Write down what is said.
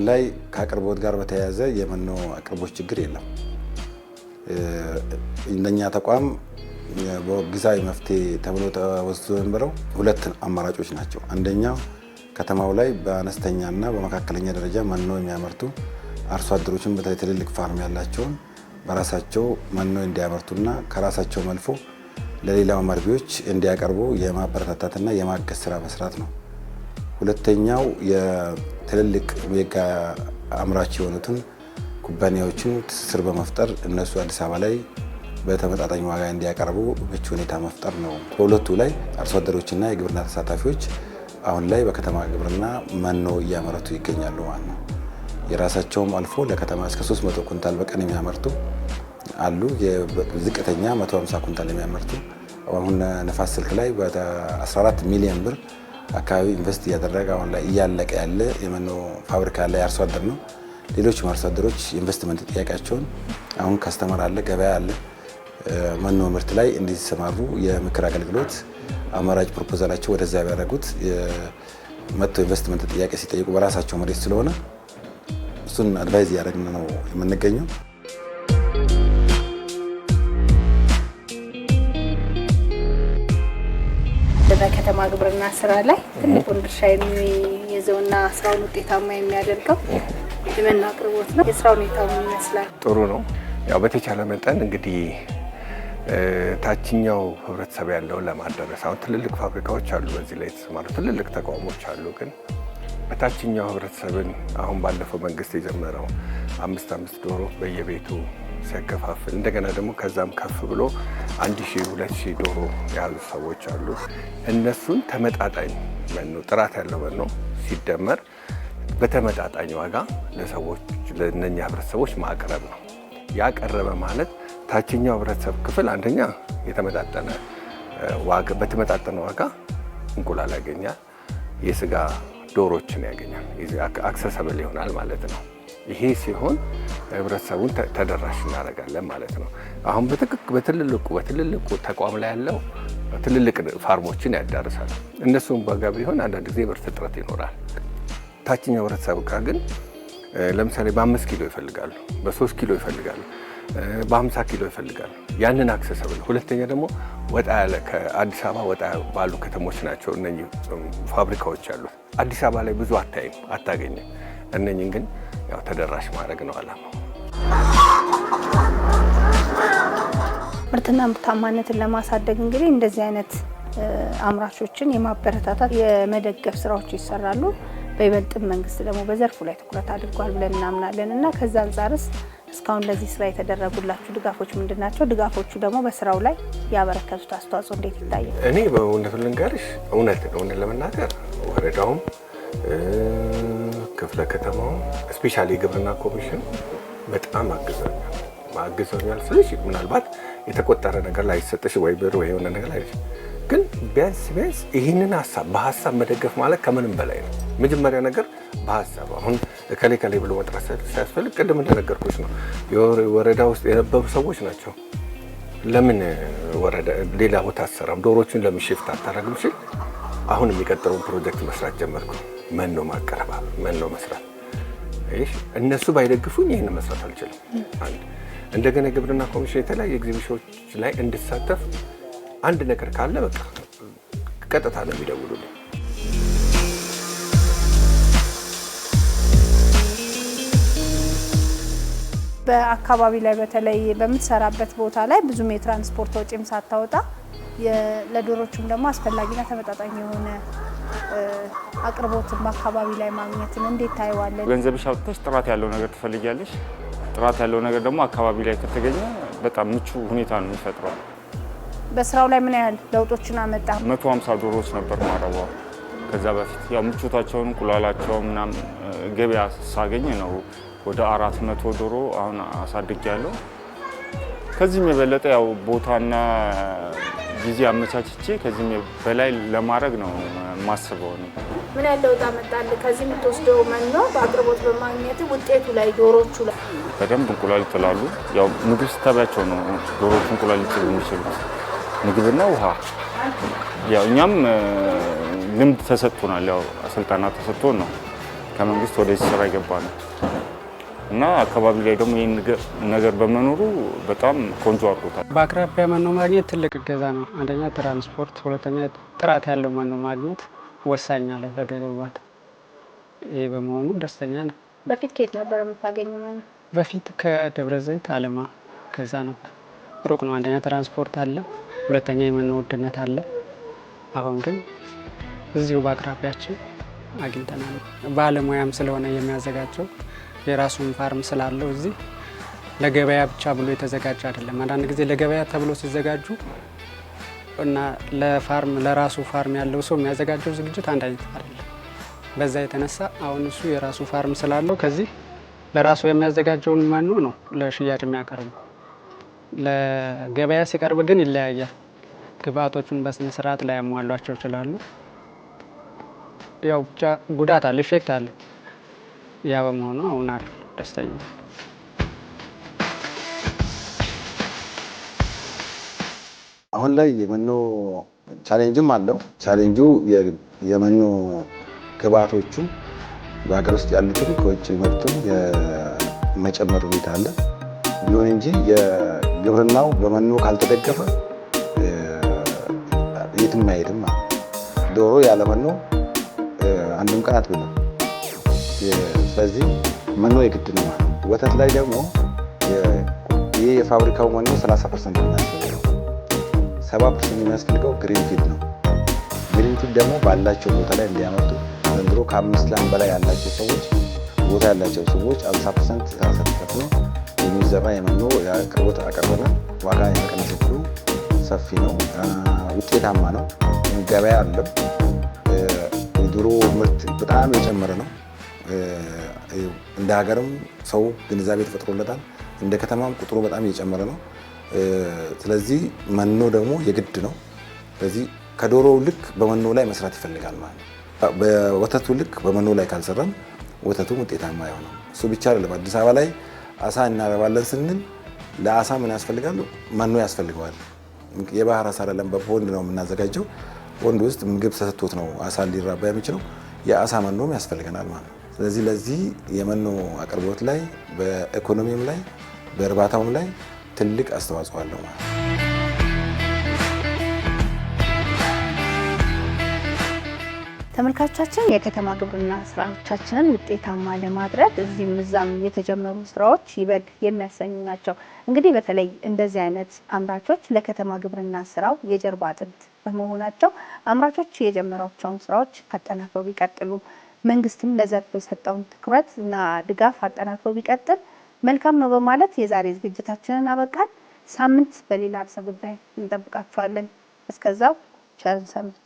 አሁን ላይ ከአቅርቦት ጋር በተያያዘ የመኖ አቅርቦት ችግር የለም። እነኛ ተቋም በጊዜያዊ መፍትሄ ተብሎ ተወስዶ የነበረው ሁለት አማራጮች ናቸው። አንደኛው ከተማው ላይ በአነስተኛና በመካከለኛ ደረጃ መኖ የሚያመርቱ አርሶ አደሮችን በተለይ ትልልቅ ፋርም ያላቸውን በራሳቸው መኖ እንዲያመርቱና ከራሳቸው መልፎ ለሌላው መርቢዎች እንዲያቀርቡ የማበረታታትና የማገዝ ስራ መስራት ነው። ሁለተኛው የትልልቅ ሜጋ አምራች የሆኑትን ኩባንያዎችን ትስስር በመፍጠር እነሱ አዲስ አበባ ላይ በተመጣጣኝ ዋጋ እንዲያቀርቡ ምቹ ሁኔታ መፍጠር ነው። በሁለቱ ላይ አርሶ አደሮችና የግብርና ተሳታፊዎች አሁን ላይ በከተማ ግብርና መኖ እያመረቱ ይገኛሉ ማለት ነው። የራሳቸውም አልፎ ለከተማ እስከ 300 ኩንታል በቀን የሚያመርቱ አሉ። ዝቅተኛ 150 ኩንታል የሚያመርቱ አሁን ነፋስ ስልክ ላይ በ14 ሚሊዮን ብር አካባቢ ኢንቨስት እያደረገ አሁን ላይ እያለቀ ያለ የመኖ ፋብሪካ ላይ አርሶ አደር ነው። ሌሎችም አርሶ አደሮች ኢንቨስትመንት ጥያቄያቸውን አሁን ከስተመር አለ፣ ገበያ አለ፣ መኖ ምርት ላይ እንዲሰማሩ የምክር አገልግሎት አማራጭ ፕሮፖዛላቸው ወደዛ ያደረጉት መጥቶ ኢንቨስትመንት ጥያቄ ሲጠይቁ በራሳቸው መሬት ስለሆነ እሱን አድቫይዝ እያደረግን ነው የምንገኘው። የከተማ ግብርና ስራ ላይ ትልቁን ድርሻ የሚይዘውና ስራውን ውጤታማ የሚያደርገው የመኖ አቅርቦት ነው። የስራ ሁኔታው ይመስላል ጥሩ ነው። ያው በተቻለ መጠን እንግዲህ ታችኛው ህብረተሰብ ያለውን ለማዳረስ አሁን ትልልቅ ፋብሪካዎች አሉ፣ በዚህ ላይ የተሰማሩ ትልልቅ ተቋሞች አሉ። ግን በታችኛው ህብረተሰብን አሁን ባለፈው መንግስት የጀመረው አምስት አምስት ዶሮ በየቤቱ ሲያከፋፍል እንደገና ደግሞ ከዛም ከፍ ብሎ አንድ ሺህ ሁለት ሺህ ዶሮ ያሉ ሰዎች አሉ። እነሱን ተመጣጣኝ መኖ ጥራት ያለው መኖ ሲደመር በተመጣጣኝ ዋጋ ለሰዎች ለእነኛ ህብረተሰቦች ማቅረብ ነው። ያቀረበ ማለት ታችኛው ህብረተሰብ ክፍል አንደኛ የተመጣጠነ ዋጋ በተመጣጠነ ዋጋ እንቁላል ያገኛል፣ የስጋ ዶሮችን ያገኛል፣ አክሰሰብል ይሆናል ማለት ነው። ይሄ ሲሆን ህብረተሰቡን ተደራሽ እናደርጋለን ማለት ነው። አሁን በትልልቁ በትልልቁ ተቋም ላይ ያለው ትልልቅ ፋርሞችን ያዳርሳል። እነሱም በጋ ቢሆን አንዳንድ ጊዜ ብር እጥረት ይኖራል። ታችኛው ህብረተሰብ ጋር ግን ለምሳሌ በአምስት ኪሎ ይፈልጋሉ፣ በሶስት ኪሎ ይፈልጋሉ፣ በሀምሳ ኪሎ ይፈልጋሉ። ያንን አክሰሰብል ሁለተኛ ደግሞ ወጣ ያለ ከአዲስ አበባ ወጣ ባሉ ከተሞች ናቸው እነኚህ ፋብሪካዎች ያሉት። አዲስ አበባ ላይ ብዙ አታይም፣ አታገኝም። እነኚህን ግን ያው ተደራሽ ማድረግ ነው አላማው። ምርትና ምርታማነትን ለማሳደግ እንግዲህ እንደዚህ አይነት አምራቾችን የማበረታታት የመደገፍ ስራዎች ይሰራሉ። በይበልጥም መንግስት ደግሞ በዘርፉ ላይ ትኩረት አድርጓል ብለን እናምናለን እና ከዛ አንጻርስ እስካሁን ለዚህ ስራ የተደረጉላችሁ ድጋፎች ምንድን ናቸው? ድጋፎቹ ደግሞ በስራው ላይ ያበረከቱት አስተዋጽኦ እንዴት ይታያል? እኔ በእውነቱ ልንገርሽ፣ እውነት እውነት ለመናገር ወረዳውም ክፍለ ከተማው ስፔሻሊ የግብርና ኮሚሽን በጣም አግዞኛል። አግዞኛል ስልሽ ምናልባት የተቆጠረ ነገር ላይሰጥሽ ወይ ብር ወይ የሆነ ነገር ላይ ግን ቢያንስ ቢያንስ ይህንን ሀሳብ በሀሳብ መደገፍ ማለት ከምንም በላይ ነው። መጀመሪያ ነገር በሀሳብ አሁን እከሌ ከሌ ብሎ መጥራት ሲያስፈልግ ቅድም እንደነገርኩች ነው ወረዳ ውስጥ የነበሩ ሰዎች ናቸው። ለምን ወረዳ ሌላ ቦታ አሰራም ዶሮችን ለምን ሽፍት አታረግም ሲል አሁን የሚቀጥለውን ፕሮጀክት መስራት ጀመርኩ። መኖ ማቀረባ መኖ መስራት ይህ እነሱ ባይደግፉኝ ይህን መስራት አልችልም። አንድ እንደገና የግብርና ኮሚሽን የተለያዩ ኤግዚቢሽኖች ላይ እንድሳተፍ አንድ ነገር ካለ በቃ ቀጥታ ነው የሚደውሉልኝ። በአካባቢ ላይ በተለይ በምትሰራበት ቦታ ላይ ብዙም የትራንስፖርት ወጪም ሳታወጣ ለዶሮቹም ደግሞ አስፈላጊና ተመጣጣኝ የሆነ አቅርቦትን በአካባቢ ላይ ማግኘትን እንዴት ታይዋለን? ገንዘብሽ አውጥተሽ ጥራት ያለው ነገር ትፈልጊያለሽ። ጥራት ያለው ነገር ደግሞ አካባቢ ላይ ከተገኘ በጣም ምቹ ሁኔታ ነው የሚፈጥረው። በስራው ላይ ምን ያህል ለውጦችን አመጣ? ሀምሳ ዶሮዎች ነበር ማረቧ ከዛ በፊት ያው ምቾታቸውን እንቁላላቸው ምናምን ገበያ ሳገኝ ነው ወደ አራት መቶ ዶሮ አሁን አሳድግ ያለው ከዚህም የበለጠ ያው ቦታና ጊዜ አመቻችቼ ከዚህም በላይ ለማድረግ ነው ማስበው። ነው ምን ያለ ለውጥ አመጣልህ? ከዚህ የምትወስደው መኖ በአቅርቦት በማግኘት ውጤቱ ላይ ዶሮቹ ላይ በደንብ እንቁላል ይጥላሉ። ያው ምግብ ስታቢያቸው ነው ዶሮቹ እንቁላል ሊጥሉ የሚችሉ ምግብና ውሃ። ያው እኛም ልምድ ተሰጥቶናል፣ ያው ስልጠና ተሰጥቶን ነው ከመንግስት ወደዚህ ስራ የገባ ነው። እና አካባቢ ላይ ደግሞ ይህን ነገር በመኖሩ በጣም ቆንጆ አድርጎታል። በአቅራቢያ መኖ ማግኘት ትልቅ እገዛ ነው። አንደኛ ትራንስፖርት፣ ሁለተኛ ጥራት ያለው መኖ ማግኘት ወሳኝ አለ ለገለባት። ይህ በመሆኑ ደስተኛ ነው። በፊት ከየት ነበር የምታገኘው በፊት ከደብረ ዘይት አለማ፣ ከዛ ነው ሩቅ ነው። አንደኛ ትራንስፖርት አለ፣ ሁለተኛ የመኖ ውድነት አለ። አሁን ግን እዚሁ በአቅራቢያችን አግኝተናል። ባለሙያም ስለሆነ የሚያዘጋጀው የራሱን ፋርም ስላለው እዚህ ለገበያ ብቻ ብሎ የተዘጋጀ አይደለም። አንዳንድ ጊዜ ለገበያ ተብሎ ሲዘጋጁ እና ለፋርም ለራሱ ፋርም ያለው ሰው የሚያዘጋጀው ዝግጅት አንድ አይነት አይደለም። በዛ የተነሳ አሁን እሱ የራሱ ፋርም ስላለው ከዚህ ለራሱ የሚያዘጋጀውን መኖ ነው ለሽያጭ የሚያቀርቡ። ለገበያ ሲቀርብ ግን ይለያያል። ግብአቶቹን በስነ ስርዓት ላይ ያሟሏቸው ይችላሉ። ያው ብቻ ጉዳት አለ፣ ኢፌክት አለ። ያ በመሆኑ አሁን አሪፍ ደስተኛ አሁን ላይ የመኖ ቻሌንጅም አለው። ቻሌንጁ የመኖ ግብአቶቹ በሀገር ውስጥ ያሉትን ከውጭ መርቱ የመጨመር ሁኔታ አለ። ይሁን እንጂ የግብርናው በመኖ ካልተደገፈ የትም አይሄድም። ዶሮ ያለመኖ አንድም ቀን አትበላም። ስለዚህ መኖ የግድ ነው ማለት ነው። ወተት ላይ ደግሞ ይህ የፋብሪካው መኖ 30 ፐርሰንት የሚያስፈልገው፣ 70 ፐርሰንት የሚያስፈልገው ግሪንፊልድ ነው። ግሪንፊልድ ደግሞ ባላቸው ቦታ ላይ እንዲያመርቱ ዘንድሮ ከአምስት ላም በላይ ያላቸው ሰዎች ቦታ ያላቸው ሰዎች 50 ፐርሰንት ተከፍሎ የሚዘራ የመኖ አቅርቦት አቀርበናል። ዋጋ የመቀነስ እድሉ ሰፊ ነው። ውጤታማ ነው። ገበያ አለው። የድሮ ምርት በጣም የጨመረ ነው። እንደ ሀገርም ሰው ግንዛቤ ተፈጥሮለታል። እንደ ከተማም ቁጥሩ በጣም እየጨመረ ነው። ስለዚህ መኖ ደግሞ የግድ ነው። ስለዚህ ከዶሮው ልክ በመኖ ላይ መስራት ይፈልጋል ማለት ነው። በወተቱ ልክ በመኖ ላይ ካልሰራም ወተቱም ውጤታማ አይሆንም። እሱ ብቻ አይደለም። አዲስ አበባ ላይ አሳ እናረባለን ስንል ለአሳ ምን ያስፈልጋል? መኖ ያስፈልገዋል። የባህር አሳ አይደለም፣ በፖንድ ነው የምናዘጋጀው። ፖንድ ውስጥ ምግብ ተሰጥቶት ነው አሳ ሊራባ የሚችለው። የአሳ መኖም ያስፈልገናል ማለት ነው። ስለዚህ ለዚህ የመኖ አቅርቦት ላይ በኢኮኖሚም ላይ በእርባታውም ላይ ትልቅ አስተዋጽኦ አለው ማለት ነው። ተመልካቾቻችን የከተማ ግብርና ስራዎቻችንን ውጤታማ ለማድረግ እዚህም እዛም የተጀመሩ ስራዎች ይበል የሚያሰኙ ናቸው። እንግዲህ በተለይ እንደዚህ አይነት አምራቾች ለከተማ ግብርና ስራው የጀርባ አጥንት በመሆናቸው አምራቾች የጀመሯቸውን ስራዎች አጠናክረው ቢቀጥሉ መንግስትም ለዘርፍ የሰጠውን ትኩረት እና ድጋፍ አጠናክሮ ቢቀጥል መልካም ነው በማለት የዛሬ ዝግጅታችንን አበቃል። ሳምንት በሌላ ርዕሰ ጉዳይ እንጠብቃችኋለን። እስከዛው ቸርን ሰንብቱ።